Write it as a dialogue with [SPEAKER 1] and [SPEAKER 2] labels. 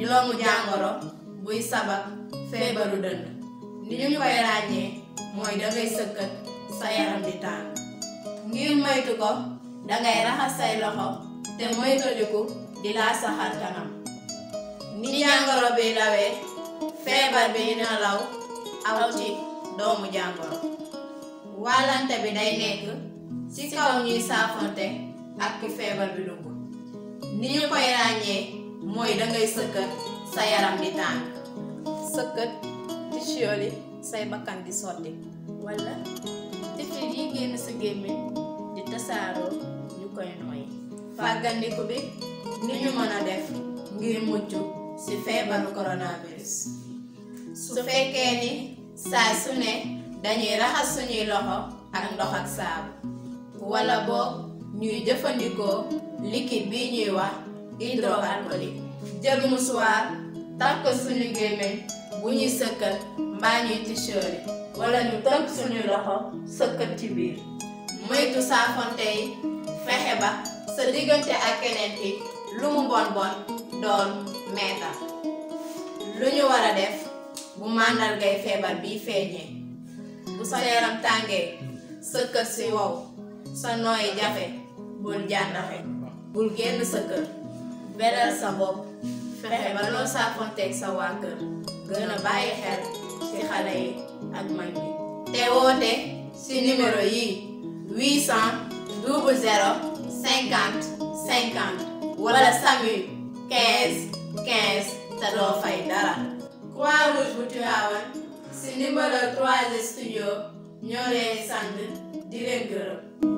[SPEAKER 1] doomu jàngoro buy sabab feebaru dënn ni ñu koy ràññee mooy dangay sëkkat sa yaram di tàng ngir moytu ko dangay raxas say loxo te moytandiku di laa saxal ni jàngoro bi lawee feebar bi dina law aw ci doomu jàngoro wàllante bi day nekk ci kaw ñuy saafante ak feebar bi dugg ni ñu koy ràññee mooy dangay sëkkat sa yaram di tàng sëkkat di siyoli say bakkan di sotti walla tiflit yi génn sa gémmiñ di tasaaroo koy nooy fàggandiku bi ni ñu mën a def ngir mucc ci feebaru coronavirus su fekkee ni saa su ne dañuy raxas suñuy loxo ak ndox ak saabu wala boog ñuy jëfandikoo liquide bi ñuy wax hydroalcoolique jël musuwaar tàkk suñu gémmiñ bu ñuy sëkkat mbaa ñuy tisoori wala ñu tënk suñu loxo sëkkat ci biir moytu saafonte yi ba sa diggante ak keneen ki lu mu bon bon doon meetar lu ñu war a def bu màndargay feebar bi feeñee bu sa yaram tàngee sa si wow sa nooyi jafe bul jàndaxe bul génn sa kër sa bopp fexe ba loo saafonteeg sa waa gën a bàyyi xel ci xale yi ak mag te woote si numéro yi 800 00 cinquante cinquante wala SAMU quinze quinze te doo fay dara. Croix-Rouge bu si ndimbalal 3 Studio ñoo leen sant di leen